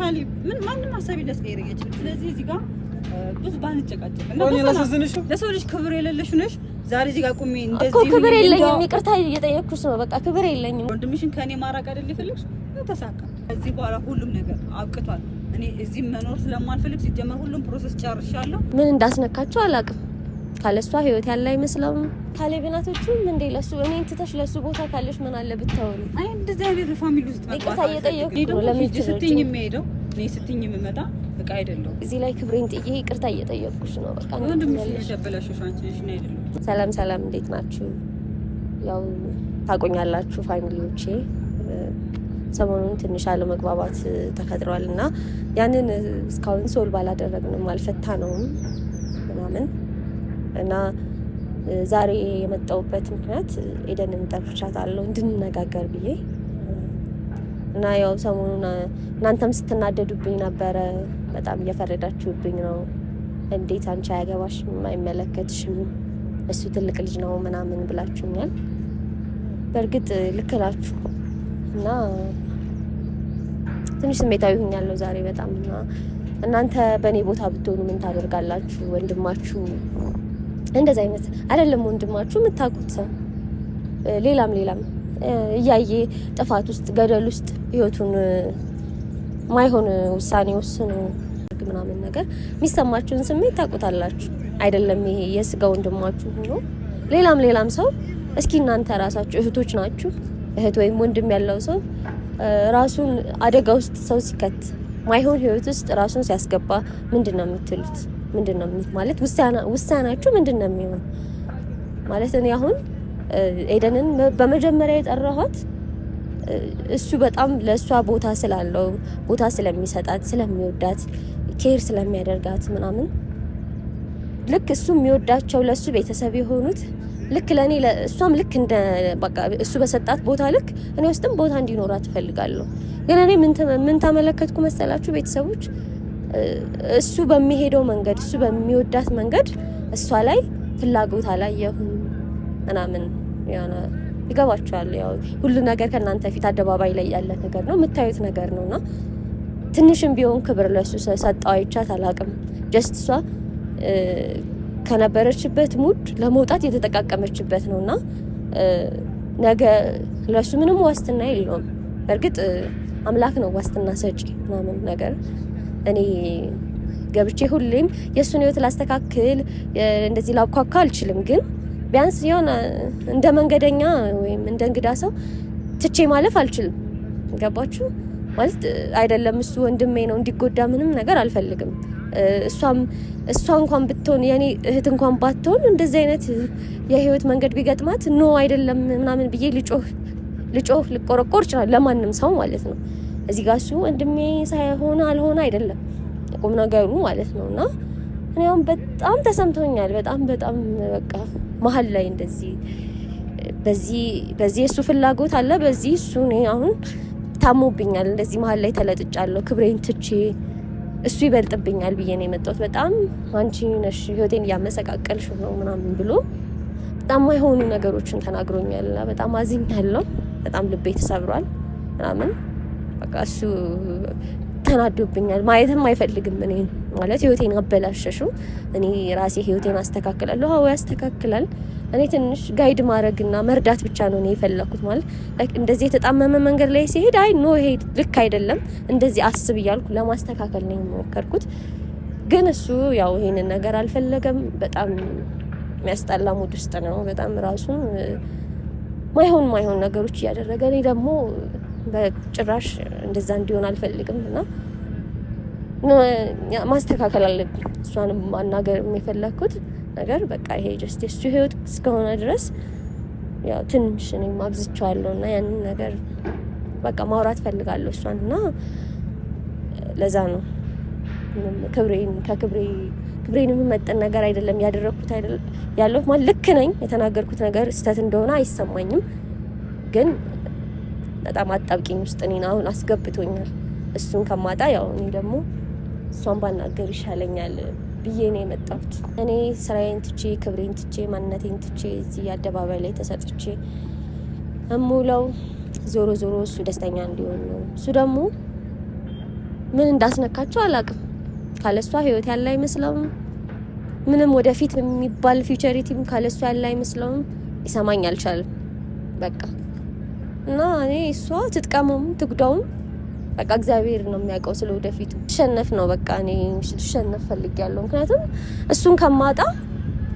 ካሌብ ምን ማንም ሀሳቤ ሊያስቀይረኝ አይችልም። ስለዚህ እዚህ ጋር ብዙ ባንጨቃጨቅ ለሰው ልጅ ክብር የሌለሽ ነሽ። ዛሬ እዚህ ጋር ቁሜ እንደዚህ እኮ ክብር የለኝም፣ ይቅርታ እየጠየቅኩሽ ነው። በቃ ክብር የለኝም። ወንድምሽን ከእኔ ማራቅ አይደል የፈለግሽ? ተሳካ። ከዚህ በኋላ ሁሉም ነገር አብቅቷል። እኔ እዚህ መኖር ስለማልፈልግ ሲጀመር ሁሉም ፕሮሰስ ጨርሻለሁ። ምን እንዳስነካቸው አላውቅም። ካለሷ ህይወት ያለ አይመስለውም። ካሌብናቶቹም እንዴ ለሱ እኔን ትተሽ ለሱ ቦታ ካለሽ ምን አለ ብታወሪ። አይ እንደዚህ አይነት ፋሚሊ ውስጥ ይቅርታ እየጠየኩ ነው። ለምን ስትኝ የሚሄደው እኔ ስትኝ የምመጣ እቃ አይደለሁም። እዚህ ላይ ክብሬን ጥዬ ይቅርታ እየጠየኩሽ ነው። በቃ ሰላም ሰላም፣ እንዴት ናችሁ? ያው ታቆኛላችሁ ፋሚሊዎቼ ሰሞኑን ትንሽ አለመግባባት ተፈጥሯል እና ያንን እስካሁን ሶል ባላደረግንም አልፈታ ነውም ምናምን እና ዛሬ የመጣሁበት ምክንያት ኤደንን ጠርቻታለሁ እንድንነጋገር ብዬ እና ያው ሰሞኑን እናንተም ስትናደዱብኝ ነበረ። በጣም እየፈረዳችሁብኝ ነው። እንዴት አንቺ አያገባሽም፣ አይመለከትሽም፣ እሱ ትልቅ ልጅ ነው ምናምን ብላችሁኛል። በእርግጥ ልክላችሁ እና ትንሽ ስሜታዊ ሆኛለሁ ዛሬ በጣም እና እናንተ በእኔ ቦታ ብትሆኑ ምን ታደርጋላችሁ? ወንድማችሁ እንደዚህ አይነት አይደለም ወንድማችሁ የምታውቁት ሰው ሌላም ሌላም እያየ ጥፋት ውስጥ ገደል ውስጥ ህይወቱን ማይሆን ውሳኔ ወስኖ ምናምን ነገር የሚሰማችሁን ስሜት ታውቁታላችሁ አይደለም? ይሄ የስጋ ወንድማችሁ ሆኖ ሌላም ሌላም ሰው እስኪ እናንተ ራሳችሁ እህቶች ናችሁ። እህት ወይም ወንድም ያለው ሰው ራሱን አደጋ ውስጥ ሰው ሲከት ማይሆን ህይወት ውስጥ ራሱን ሲያስገባ ምንድን ነው የምትሉት? ምንድን ነው ማለት ውሳናችሁ ምንድን ነው የሚሆን ማለት እኔ አሁን ኤደንን በመጀመሪያ የጠራኋት እሱ በጣም ለእሷ ቦታ ስላለው ቦታ ስለሚሰጣት ስለሚወዳት ኬር ስለሚያደርጋት ምናምን ልክ እሱ የሚወዳቸው ለእሱ ቤተሰብ የሆኑት ልክ ለእኔ እሷም ልክ እንደ በቃ እሱ በሰጣት ቦታ ልክ እኔ ውስጥም ቦታ እንዲኖራት እፈልጋለሁ። ግን እኔ ምን ተመለከትኩ መሰላችሁ ቤተሰቦች እሱ በሚሄደው መንገድ እሱ በሚወዳት መንገድ እሷ ላይ ፍላጎት አላየሁ ምናምን የሆነ ይገባችኋል። ያው ሁሉ ነገር ከእናንተ ፊት አደባባይ ላይ ያለ ነገር ነው፣ የምታዩት ነገር ነው እና ትንሽም ቢሆን ክብር ለሱ ሰጠው አይቻት አላቅም። ጀስት እሷ ከነበረችበት ሙድ ለመውጣት የተጠቃቀመችበት ነው እና ነገ ለሱ ምንም ዋስትና የለውም። በእርግጥ አምላክ ነው ዋስትና ሰጪ ምናምን ነገር እኔ ገብቼ ሁሌም የእሱን ህይወት ላስተካክል እንደዚህ ላብኳካ አልችልም። ግን ቢያንስ የሆነ እንደ መንገደኛ ወይም እንደ እንግዳ ሰው ትቼ ማለፍ አልችልም። ገባችሁ? ማለት አይደለም እሱ ወንድሜ ነው፣ እንዲጎዳ ምንም ነገር አልፈልግም። እሷም እሷ እንኳን ብትሆን የኔ እህት እንኳን ባትሆን እንደዚህ አይነት የህይወት መንገድ ቢገጥማት ኖ አይደለም ምናምን ብዬ ልጮህ ልጮህ ልቆረቆር ይችላል፣ ለማንም ሰው ማለት ነው። እዚህ ጋር እሱ ወንድሜ ሳይሆን አልሆነ አይደለም ቁም ነገሩ ማለት ነው። እና እኔ አሁን በጣም ተሰምቶኛል። በጣም በጣም በቃ መሀል ላይ እንደዚህ በዚህ በዚህ እሱ ፍላጎት አለ፣ በዚህ እሱ እኔ አሁን ታሞብኛል። እንደዚህ መሀል ላይ ተለጥጫለሁ። ክብሬን ትቼ እሱ ይበልጥብኛል ብዬ ነው የመጣሁት። በጣም አንቺ ነሽ ህይወቴን እያመሰቃቀልሽ ነው ምናምን ብሎ በጣም የማይሆኑ ነገሮችን ተናግሮኛል እና በጣም አዝኛለሁ። በጣም ልቤ ተሰብሯል ምናምን እሱ ተናዶብኛል። ማየትም አይፈልግም። እኔ ማለት ህይወቴን አበላሸሹ። እኔ ራሴ ህይወቴን አስተካክላለሁ። አዎ ያስተካክላል። እኔ ትንሽ ጋይድ ማድረግና መርዳት ብቻ ነው እኔ የፈለኩት። ማለት እንደዚህ የተጣመመ መንገድ ላይ ሲሄድ አይ ኖ ይሄ ልክ አይደለም፣ እንደዚህ አስብ እያልኩ ለማስተካከል ነው የሞከርኩት። ግን እሱ ያው ይሄንን ነገር አልፈለገም። በጣም የሚያስጠላ ሙድ ውስጥ ነው። በጣም ራሱን ማይሆን ማይሆን ነገሮች እያደረገ እኔ ደግሞ በጭራሽ እንደዛ እንዲሆን አልፈልግም እና ማስተካከል አለብኝ። እሷንም ማናገር የሚፈለግኩት ነገር በቃ ይሄ ጀስት የሱ ህይወት እስከሆነ ድረስ ያው ትንሽ እኔም አብዝቼዋለሁ እና ያንን ነገር በቃ ማውራት ፈልጋለሁ እሷን እና ለዛ ነው ክብሬን ከክብሬ ክብሬን የምመጠን ነገር አይደለም ያደረግኩት ያለሁት ማለት ልክ ነኝ። የተናገርኩት ነገር ስህተት እንደሆነ አይሰማኝም ግን በጣም አጣብቂኝ ውስጥ እኔን አሁን አስገብቶኛል። እሱን ከማጣ ያው እኔ ደግሞ እሷን ባናገር ይሻለኛል ብዬ ነው የመጣሁት። እኔ ስራዬን ትቼ ክብሬን ትቼ ማንነቴን ትቼ እዚህ አደባባይ ላይ ተሰጥቼ እሙለው ዞሮ ዞሮ እሱ ደስተኛ እንዲሆን ነው። እሱ ደግሞ ምን እንዳስነካቸው አላውቅም። ካለሷ ህይወት ያለ አይመስለውም። ምንም ወደፊት የሚባል ፊውቸሪቲም ካለሷ ያለ አይመስለውም። ይሰማኝ አልቻልም። በቃ እና እኔ እሷ ትጥቀመውም ትጉዳውም በቃ እግዚአብሔር ነው የሚያውቀው። ስለ ወደፊቱ ትሸነፍ ነው በቃ እኔ ትሸነፍ ፈልጊያለሁ። ምክንያቱም እሱን ከማጣ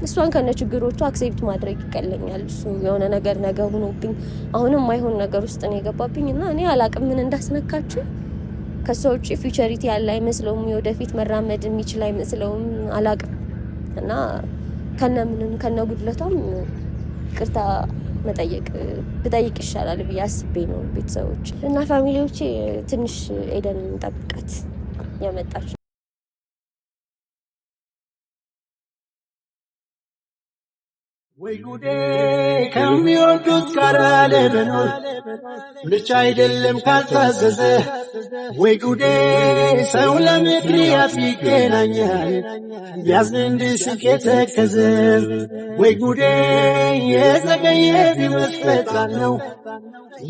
እሷን ከነ ችግሮቹ አክሴፕት ማድረግ ይቀለኛል። እሱ የሆነ ነገር ነገ ሆኖብኝ አሁንም ማይሆን ነገር ውስጥ ነው የገባብኝ እና እኔ አላቅም ምን እንዳስነካችው ከሰው ውጭ ፊውቸሪቲ ያለ አይመስለውም። የወደፊት መራመድ የሚችል አይመስለውም። አላቅም እና ከነ ምንም ከነ ጉድለቷም ቅርታ መጠየቅ ብጠይቅ ይሻላል ብዬ አስቤ ነው ቤተሰቦች እና ፋሚሊዎቼ ትንሽ ኤደን እንጠብቃት ያመጣች ወይ ጉዴ ከሚወዱት ጋር ለመኖር ምርጫ አይደለም ካልታዘዘ፣ ወይ ጉዴ ሰው ለምክንያት ይገናኛል ያዝን እንድስቅ የተከዘ። ወይ ጉዴ የዘገየ ቢመስል ፈጣን ነው፣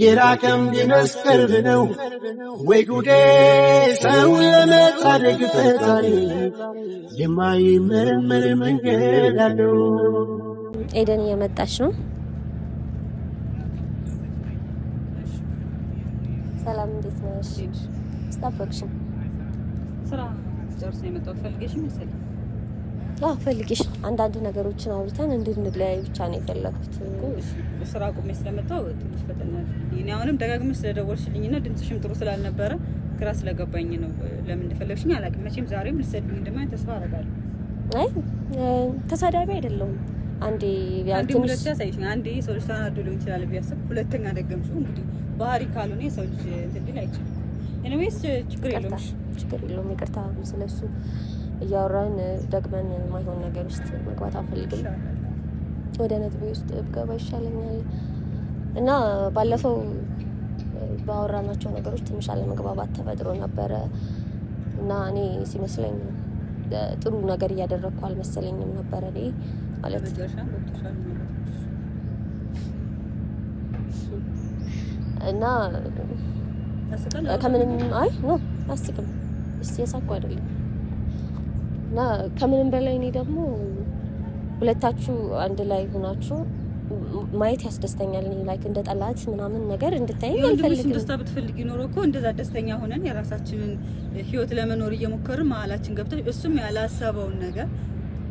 የራቀም ቢመስል ነው። ወይ ጉዴ ሰው ለመታደግ ፈጣሪ የማይመረመር መንገድ አለው። ኤደን እየመጣች ነው። ሰላም፣ እንዴት ነሽ? ስታፈቅሽን ስራ ጨርሰሽ የመጣሁት ፈልጌሽ መሰለኝ። አዎ ፈልጌሽ፣ አንዳንድ ነገሮችን አውርተን እንድንለያይ ብቻ ነው የፈለኩት። ስራ ቁሜ ስለመጣሁ ትንሽ ፈጠናል። እኔ አሁንም ደጋግመሽ ስለደወልሽልኝና ድምፅሽም ጥሩ ስላልነበረ ግራ ስለገባኝ ነው ለምን እንደፈለግሽኝ አላውቅም። መቼም ዛሬም ልትሰድቡኝ እንደማይሆን ተስፋ አደርጋለሁ። አይ ተሳዳቢ አይደለሁም። አንዴ ቢያንስ ሁለት አንዴ ሰው ልጅ ተናድሎ ይችላል ቢያስብ፣ ሁለተኛ ደገምሽው እንግዲህ ባህሪ ካልሆነ የሰው ልጅ እንትን ሊል አይችልም። ኤኒዌይስ ችግር የለውም፣ ችግር የለውም። ይቅርታ ስለሱ እያወራን ደግመን ማይሆን ነገር ውስጥ መግባት አንፈልግም። ወደ ነጥቤ ውስጥ ብገባ ይሻለኛል እና ባለፈው ባወራናቸው ነገሮች ትንሽ አለመግባባት ተፈጥሮ ነበረ እና እኔ ሲመስለኝ ጥሩ ነገር እያደረግኩ አልመሰለኝም ነበረ እኔ ማለት እና ከምንም አይ ኖ አስቅም እስቲ የሳኩ አይደለም እና ከምንም በላይ እኔ ደግሞ ሁለታችሁ አንድ ላይ ሆናችሁ ማየት ያስደስተኛል። እኔ ላይክ እንደ ጠላት ምናምን ነገር እንድታይኝ አልፈልግም። ደስታ ብትፈልጊ ኖሮ እኮ እንደዛ ደስተኛ ሆነን የራሳችንን ህይወት ለመኖር እየሞከርን መሀላችን ገብተን እሱም ያላሰበውን ነገር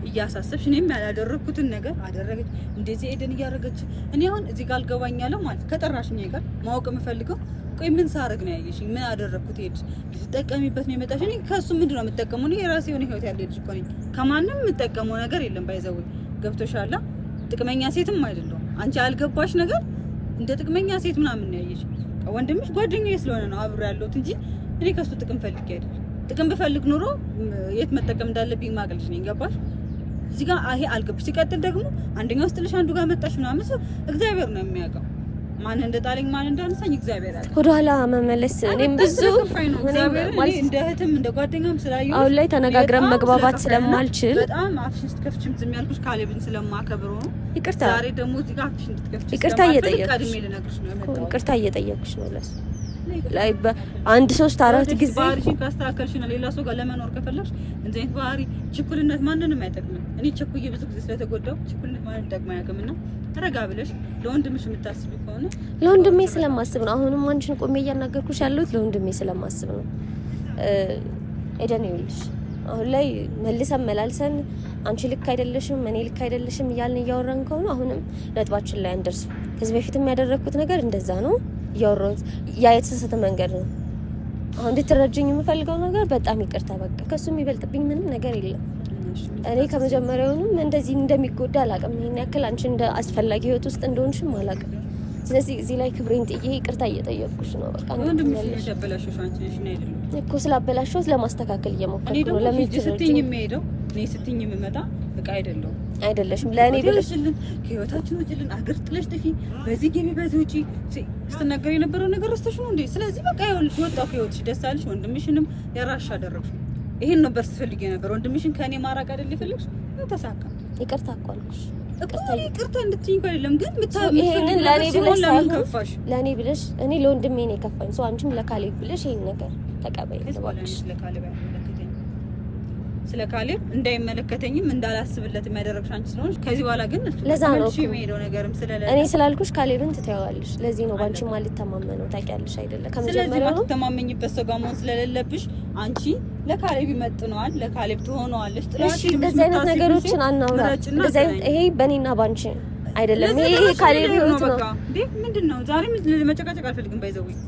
እያሳሰብሽ እኔም ያላደረግኩትን ነገር አደረገች። እንደዚህ ኤደን እያደረገች እኔ አሁን እዚህ ጋር አልገባኛለሁ ማለት ከጠራሽ እኔ ጋር ማወቅ የምፈልገው ቆይ ምን ሳረግ ነው ያየሽ? ምን አደረግኩት? ሄድ ልትጠቀሚበት ነው የመጣሽ? እኔ ከእሱ ምንድን ነው የምጠቀመው? የራሴ የሆነ ህይወት ያለ ልጅ እኮ ነኝ። ከማንም የምጠቀመው ነገር የለም። ባይዘው ገብቶሻላ። ጥቅመኛ ሴትም አይደለሁም። አንቺ ያልገባሽ ነገር እንደ ጥቅመኛ ሴት ምናምን ነው ያየሽ። ወንድምሽ ጓደኛዬ ስለሆነ ነው አብሮ ያለሁት እንጂ እኔ ከእሱ ጥቅም ፈልጌ አይደል። ጥቅም ብፈልግ ኑሮ የት መጠቀም እንዳለብኝ ማቅልሽ ነኝ። ገባሽ? እዚህ ጋር ይሄ አልገብ ሲቀጥል ደግሞ አንደኛው ስጥልሽ አንዱ ጋር መጣሽ ምናምን ሰው እግዚአብሔር ነው የሚያውቀው። ማን እንደጣለኝ ማን እንዳነሳኝ እግዚአብሔር አለ። ወደኋላ መመለስ እኔም ብዙ እንደ እህትም እንደ ጓደኛም ስላየሁ አሁን ላይ ተነጋግረን መግባባት ስለማልችል በጣም አፍሽን ስትከፍችም ዝም ያልኩሽ ካሌብን ስለማከብሮ ይቅርታ ዛሬ ደግሞ እዚህ ጋር አፍሽን ስትከፍች ይቅርታ እየጠየቅሽ ነው። ይቅርታ እየጠየቅሽ ነው ለሱ ላይ አንድ ሶስት አራት ጊዜ ባህሪሽን ነው ሌላ ሰው ጋር ለመኖር ከፈለግሽ እንደዚህ አይነት ባህሪ ችኩልነት ማንንም አይጠቅምም። እኔ ችኩዬ ብዙ ጊዜ ስለተጎዳው ችኩልነት ማንንም ጠቅማ ያቅምና ተረጋ ብለሽ ለወንድምሽ የምታስቢ ከሆነ ለወንድሜ ስለማስብ ነው። አሁንም አንቺን ቆሜ እያናገርኩሽ ያለሁት ለወንድሜ ስለማስብ ነው። ኤደን ይኸውልሽ አሁን ላይ መልሰን መላልሰን አንቺ ልክ አይደለሽም፣ እኔ ልክ አይደለሽም እያልን እያወራን ከሆነ አሁንም ነጥባችን ላይ አንደርስም። ከዚህ በፊትም ያደረግኩት ነገር እንደዛ ነው። እያወራሁት ያ የተሳሳተ መንገድ ነው። አሁን እንድትረጅኝ የምፈልገው ነገር በጣም ይቅርታ። በቃ ከሱ የሚበልጥብኝ ምንም ነገር የለም። እኔ ከመጀመሪያውንም እንደዚህ እንደሚጎዳ አላውቅም። ይህን ያክል አንቺ እንደ አስፈላጊ ህይወት ውስጥ እንደሆንሽም አላውቅም። ስለዚህ እዚህ ላይ ክብሬን ጥዬ ይቅርታ እየጠየቅኩሽ ነው። በቃ እኮ ስላበላሸሁት ለማስተካከል እየሞከርኩ ነው። ለምን ስትኝ የምሄደው እኔ ስትኝ የምመጣ እቃ አይደለሁም አይደለሽም ለእኔ ብለሽልን ከህይወታችን ውጪልን አገር ጥለሽ ጥፊ፣ በዚህ ገቢ በዚህ ውጪ ስትናገር የነበረው ነገር ወስተሽ ነው እንዴ? ስለዚህ በቃ ይኸውልሽ ወጣው ከህይወትሽ ደስ አለሽ። ወንድምሽንም የራስሽ አደረግሽ። ይሄን ነበር ስትፈልጊ የነበረው ወንድምሽን ከእኔ ማራቅ አይደል የፈለግሽ? ተሳካ። ይቅርታ እኮ አልኩሽ ይቅርታ እንድትይኝ እኮ አይደለም ግን ይሄንን ለእኔ ብለሽ ለምን ከፋሽ ለእኔ ብለሽ እኔ ለወንድሜ ነው የከፋኝ ሰው አንቺም ለካሌብ ብለሽ ይሄን ነገር ተቀበይ እባክሽ ስለ ካሌብ እንዳይመለከተኝም እንዳላስብለት የሚያደረግሽ አንቺ ስለሆንሽ ከዚህ በኋላ ግን ለዛ ነው የሚሄደው ነገርም ስለሌለ እኔ ስላልኩሽ ካሌብን ትተዋለሽ። ለዚህ ነው ባንቺ ማ ማልተማመነው ታውቂያለሽ አይደለ? ስለዚህ ማትተማመኝበት ሰው ጋር መሆን ስለሌለብሽ አንቺ ለካሌብ ይመጥነዋል፣ ለካሌብ ትሆነዋለሽ። ጥላሽ እንደዚህ አይነት ነገሮችን አናውራ። እንደዚህ ይሄ በእኔና ባንቺ አይደለም። ይሄ ካሌብ ህይወት ነው። ምንድን ነው ዛሬ መጨቃጨቅ አልፈልግም። ባይዘውኝ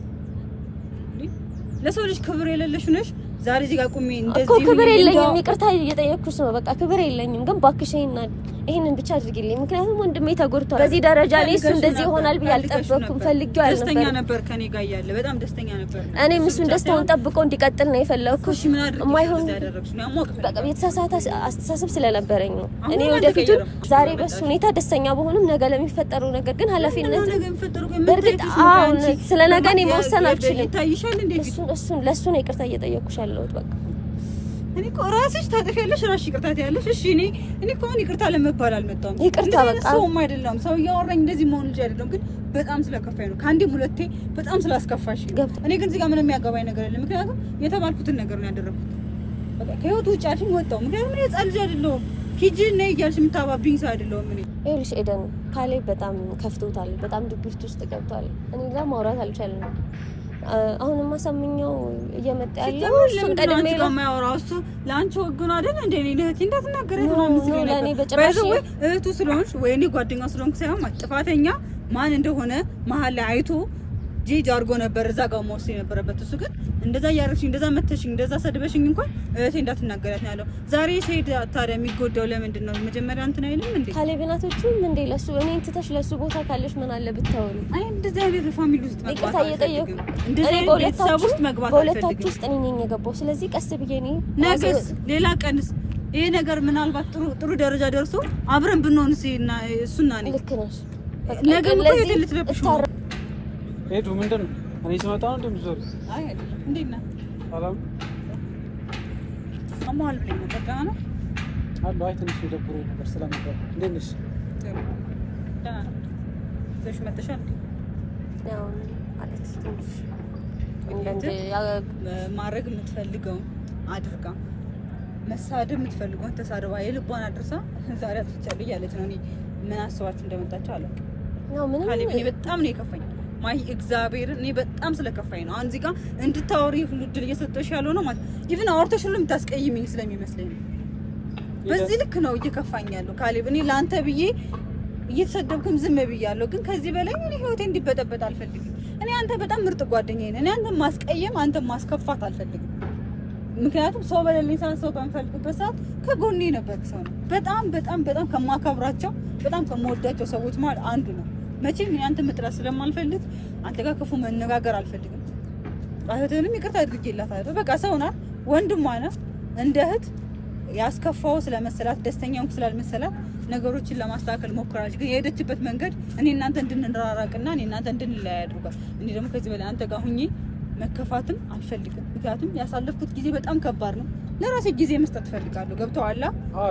ለሰው ልጅ ክብር የሌለሽ ነሽ ዛሬ እዚህ ጋር ቁሜ እንደዚህ ክብር የለኝም። ይቅርታ እየጠየኩሽ ነው። በቃ ክብር የለኝም ግን ባክሽኝና ይሄንን ብቻ አድርግልኝ፣ ምክንያቱም ወንድሜ ተጎድቷል። በዚህ ደረጃ ላይ እሱ እንደዚህ ይሆናል ብዬ አልጠበቅኩም። ፈልጌው አልነበረ። ደስተኛ ነበር ከኔ ጋር ያለ በጣም ደስተኛ ነበር። እኔም እሱን ደስታውን ጠብቆ እንዲቀጥል ነው የፈለኩት። የማይሆን በቃ የተሳሳተ አስተሳሰብ ስለነበረኝ ነው። እኔ ወደፊቱ ዛሬ በሱ ሁኔታ ደስተኛ በሆንም ነገ ለሚፈጠረው ነገር ግን ኃላፊነት በእርግጥ አሁን ስለ ነገ እኔ መወሰን አልችልም። እሱን ለእሱ ነው ይቅርታ እየጠየኩሽ ያለሁት በቃ እኔ እኮ ራስሽ ታጥፊያለሽ፣ ራስሽ ይቅርታ ትያለሽ። እሺ እኔ እኔ እኮ አሁን ይቅርታ ለመባል አልመጣሁም። ይቅርታ በቃ ሰውም አይደለም ሰው እያወራኝ እንደዚህ መሆን ልጅ አይደለም። ግን በጣም ስለከፋኝ ነው። ከአንዴም ሁለቴ በጣም ስላስከፋሽ ገብቶ። እኔ ግን እዚህ ጋር ምንም የሚያገባኝ ነገር የለም። ምክንያቱም የተባልኩትን ነገር ነው ያደረኩት። በቃ ከህይወት ውጭ አልሽኝ ወጣሁ። ምክንያቱም እኔ ህፃን ልጅ አይደለሁም። ሂጂ ነይ እያልሽ የምታባብኝ ሰው አይደለሁም እኔ። ይኸውልሽ ኤደን ካሌብ በጣም ከፍቶታል። በጣም ድብርት ውስጥ ገብቷል። እኔ ጋር ማውራት አልቻለም። አሁን ማሳምኛው እየመጣ ያለው ቀድሜ ነው የማያወራው። እሱ ለአንቺ አይደል? እንደ እኔ እህቱ ስለሆንሽ ወይ እኔ ስለሆንኩ ሳይሆን ጥፋተኛ ማን እንደሆነ መሀል ላይ አይቶ ጂድ አድርጎ ነበር እዛ ጋር መወሰድ የነበረበት። እሱ ግን እንደዛ እያረግሽኝ፣ እንደዛ መተሽኝ፣ እንደዛ ሰድበሽኝ እንኳን እህቴ እንዳትናገራት ነው ያለው። ዛሬ ሴት ታዲያ የሚጎዳው ለምንድን ነው? መጀመሪያ እንትን አይልም እንዴ? ካሌብናቶቹም እንዴ ለሱ እኔ እንትተሽ ለሱ ቦታ ካለሽ ምን አለ ብታወሪ? አይ እንደዚህ አይነት ፋሚሊ ውስጥ መግባት አልፈልግም። እንደዚህ አይነት ቤተሰብ ውስጥ መግባት አልፈልግም። በሁለታችሁ ውስጥ እኔ ነኝ የገባው። ስለዚህ ቀስ ብዬ እኔ ነገስ ሌላ ቀንስ ይሄ ነገር ምናልባት ጥሩ ጥሩ ደረጃ ደርሶ አብረን ብንሆንስ እሱና እኔ ልክ ነሽ። ነገ እኮ የት ልትለብሽው ሄዱ ምንድን ነው? እኔ ስመጣ ነው እንደምትዞር? አይ ነው አይ ትንሽ የደብሮኝ ነበር ስለነበር። እንዴት ነሽ? ማድረግ የምትፈልገው አድርጋ መሳደብ የምትፈልገውን ተሳድባ የልቧን አድርሳ ዛሬ አጥፍቻለሁ እያለች ነው። እኔ ምን አስባችሁ እንደመጣችሁ አላውቅም። ምንም በጣም ነው የከፋኝ ማይ እግዚአብሔር እኔ በጣም ስለከፋኝ ነው። አንዚ ጋ እንድታወሪ ሁሉ ድል እየሰጠሽ ያለው ነው ማለት ኢቭን አውርተሽ ሁሉ የምታስቀይሚኝ ስለሚመስለኝ በዚህ ልክ ነው እየከፋኝ ያለው ካሌብ። እኔ ለአንተ ብዬ እየተሰደብኩም ዝም ብያለሁ፣ ግን ከዚህ በላይ እኔ ህይወቴ እንዲበጠበጥ አልፈልግም። እኔ አንተ በጣም ምርጥ ጓደኛዬ ነህ። እኔ አንተ ማስቀየም፣ አንተ ማስከፋት አልፈልግም። ምክንያቱም ሰው በሌለኝ ሰዓት ሰው በምፈልግበት ሰዓት ከጎኔ ነበር ሰው ነው። በጣም በጣም በጣም ከማከብራቸው በጣም ከመወዳቸው ሰዎች ማለት አንዱ ነው። መቼም አንተ መጥራት ስለማልፈልግ አንተ ጋር ክፉ መነጋገር አልፈልግም። እህትህንም ይቅርታ አድርጌላታል። በቃ ሰው ናት፣ ወንድሟ ነው። እንደ እህት ያስከፋው ስለመሰላት ደስተኛውም ስላልመሰላት ነገሮችን ለማስተካከል ሞክራለች። ግን የሄደችበት መንገድ እኔ እናንተ እንድንራራቅና እኔ እናንተ እንድንለያይ አድርጓል። እኔ ደግሞ ከዚህ በላይ አንተ ጋር ሁኜ መከፋትም አልፈልግም። ምክንያቱም ያሳለፍኩት ጊዜ በጣም ከባድ ነው። ለራሴ ጊዜ መስጠት እፈልጋለሁ። ገብተዋላ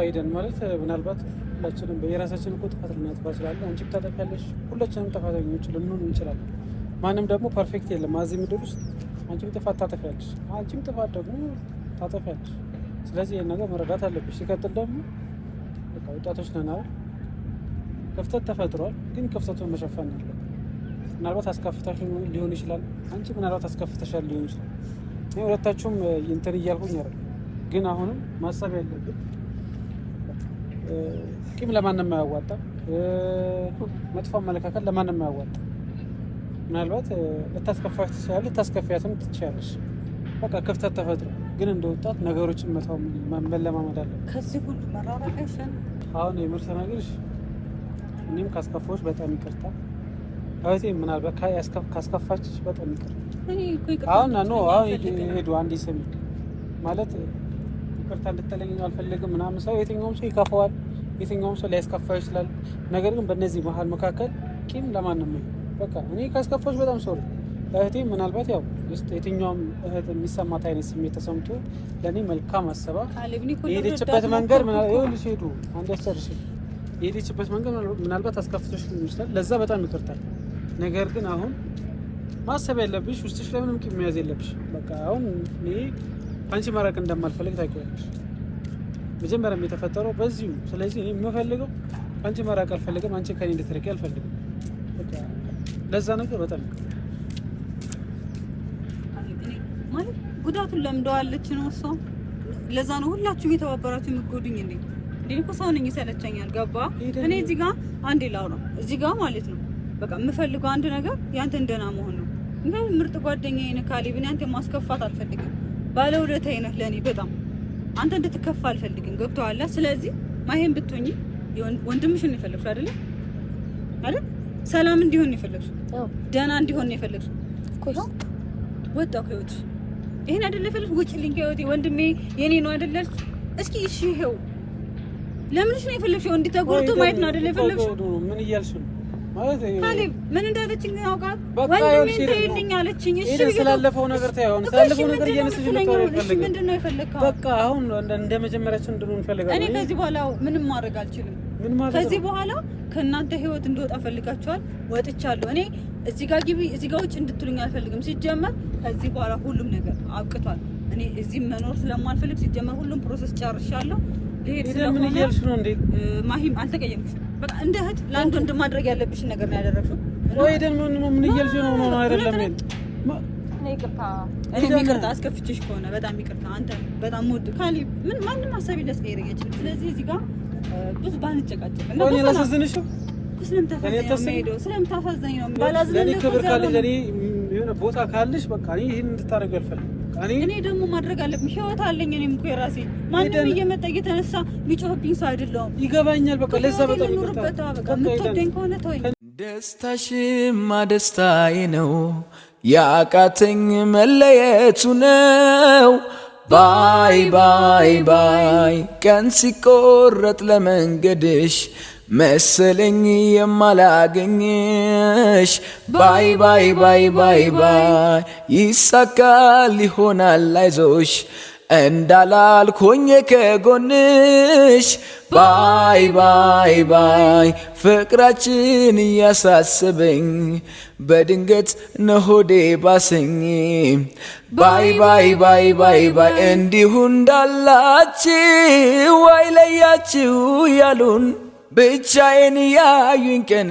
ሄደን ማለት ምናልባት ሁላችንም የራሳችን እኮ ጥፋት ልናጥፋ እንችላለን። አንቺ ብታጠፊያለሽ፣ ሁላችንም ጥፋተኞች ልንሆን እንችላለን። ማንም ደግሞ ፐርፌክት የለም እዚህ ምድር ውስጥ። አንቺም ጥፋት ታጠፊያለሽ፣ አንቺም ጥፋት ደግሞ ታጠፊያለሽ። ስለዚህ ይህን ነገር መረዳት አለብሽ። ሲቀጥል ደግሞ ወጣቶች ነናል። ክፍተት ተፈጥሯል፣ ግን ክፍተቱን መሸፈን አለ። ምናልባት አስከፍታሽ ሊሆን ይችላል፣ አንቺ ምናልባት አስከፍተሻል ሊሆን ይችላል። ሁለታችሁም እንትን እያልኩኝ አይደል? ግን አሁንም ማሰብ ያለብን ቂም ለማንም አያዋጣ፣ መጥፎ አመለካከት ለማንም አያዋጣ። ምናልባት ልታስከፋች ትችላለች፣ ልታስከፊያትም ትችላለች። በቃ ክፍተት ተፈጥሮ ግን እንደ ወጣት ነገሮችን መተው መለማመድ አለ። ከዚህ ሁሉ መራራቀሽን አሁን የምር ስነግርሽ እኔም ካስከፋዎች በጣም ይቅርታ እህቴ፣ ምናልባት ካስከፋችሽ በጣም ይቅርታ። አሁን ኖ አሁን ሄዱ አንዴ ስሚ ማለት ይቅርታ እንድትለኝ አልፈልግም ምናምን ሰው የትኛውም ሰው ይከፋዋል፣ የትኛውም ሰው ሊያስከፋ ይችላል። ነገር ግን በእነዚህ መሀል መካከል ቂም ለማንም በቃ እኔ ካስከፋች በጣም ሶሪ እህቴ ምናልባት ያው የትኛውም እህት የሚሰማት አይነት ስሜት ተሰምቶ ለእኔ መልካም አሰባ የሄደችበት መንገድ ልሽ ሄዱ አንድ ያስጨርሽ የሄደችበት መንገድ ምናልባት አስከፍቶች ይችላል። ለዛ በጣም ይቅርታል። ነገር ግን አሁን ማሰብ ያለብሽ ውስጥሽ ለምንም ምንም ቂም መያዝ የለብሽ። በቃ አሁን ከአንቺ መራቅ እንደማልፈልግ ታውቂዋለሽ። መጀመሪያም የተፈጠረው በዚሁ። ስለዚህ እኔ የምፈልገው ከአንቺ መራቅ አልፈልግም፣ አንቺ ከኔ እንድትርቂ አልፈልግም። ለዛ ነገር በጣም ማለት ጉዳቱን ለምደዋለች ነው እሷ። ለዛ ነው ሁላችሁም የተባበራችሁ የምትጎዱኝ እንዴ? እንዴ እኮ ሰው ነኝ፣ ይሰለቸኛል። ገባ? እኔ እዚህ ጋር አንዴ ላውራ። እዚህ ጋር ማለት ነው በቃ የምፈልገው አንድ ነገር ያንተ እንደና መሆን ነው። ምርጥ ጓደኛዬ ነህ ካሌብ፣ እኔ አንተን ማስከፋት አልፈልግም። ባለውለታዬ ነህ ለእኔ በጣም አንተ እንድትከፋ አልፈልግም። ገብቶሃል? ስለዚህ ማሄን ብትሆኚ ወንድምሽን ነው የፈለግሽው አይደለ? አይደል? ሰላም እንዲሆን ነው የፈለግሽው፣ ደህና እንዲሆን ነው የፈለግሽው። ወጣሁ ከህይወትሽ። ይሄን አይደለ የፈለግሽው? ውጪልኝ ከህይወቴ ወንድሜ የኔ ነው አይደለ? እስኪ እሺ፣ ይኸው ለምንሽ ነው የፈለግሽው? እንዲህ ተጎድቶ ማየት ነው አይደለ የፈለግሽው? ምን እያልሽ ነው? ምን ነው ከዚህ በኋላ ምንም ማድረግ አልችልም። በኋላ ከእናንተ ህይወት እንደወጣ ፈልጋችኋል፣ ወጥቻለሁ። እኔ እዚህ ጋር ግቢ፣ እዚህ ጋር ውጭ እንድትሉኝ አልፈልግም። ሲጀመር ከዚህ በኋላ ሁሉም ነገር አብቅቷል። እኔ እዚህ መኖር ስለማልፈልግ ሲጀመር ሁሉም ፕሮሰስ ጨርሻለሁ። ልሄድ ስለሆነ ማሂም አልተቀየምሽም በቃ እንደ እህት ለአንድ ወንድ ማድረግ ያለብሽን ነገር ነው ያደረግሽው። ወይ ደግሞ ምን እያልሽ ነው? ነው አይደለም ይቅርታ እኔም ይቅርታ አስከፍቼሽ ከሆነ በጣም ይቅርታ። አንተ በጣም ወድ ካሊ ምን ማንም ሀሳቢ ሊያስቀይረኝ አይችልም። ስለዚህ እዚህ ጋር ብዙ ባንጨቃጨቅ ላሳዝንሽ ነው ነው ባላዝንልህ ክብር ካለሽ የሆነ ቦታ ካለሽ በቃ ይህን እንድታደርጊው አልፈልግም። እኔ ደግሞ ማድረግ አለብኝ። ህይወት አለኝ። እኔም እኮ የራሴ ማንም እየመጣ እየተነሳ ቢጮህብኝ ሰው አይደለሁም። ይገባኛል። በቃ ለዛ በጣም ይቅርታ። በቃ የምትወደኝ ከሆነ ተወኝ። ደስታሽማ ደስታዬ ነው፣ ያቃተኝ መለየቱ ነው። ባይ ባይ ባይ ቀን ሲቆረጥ ለመንገድሽ መሰለኝ የማላገኘሽ ባይ ባይ ባይ ባይ ባይ ይሳካል ይሆናል አይዞሽ እንዳላልኩኝ ከጎንሽ ባይ ባይ ባይ ፍቅራችን እያሳስበኝ በድንገት ነሆዴ ባሰኝ ባይ ባይ ባይ ባይ ባይ እንዲሁ እንዳላችሁ አይለያችሁ ያሉን ብቻዬን ያዩኝ ቀንም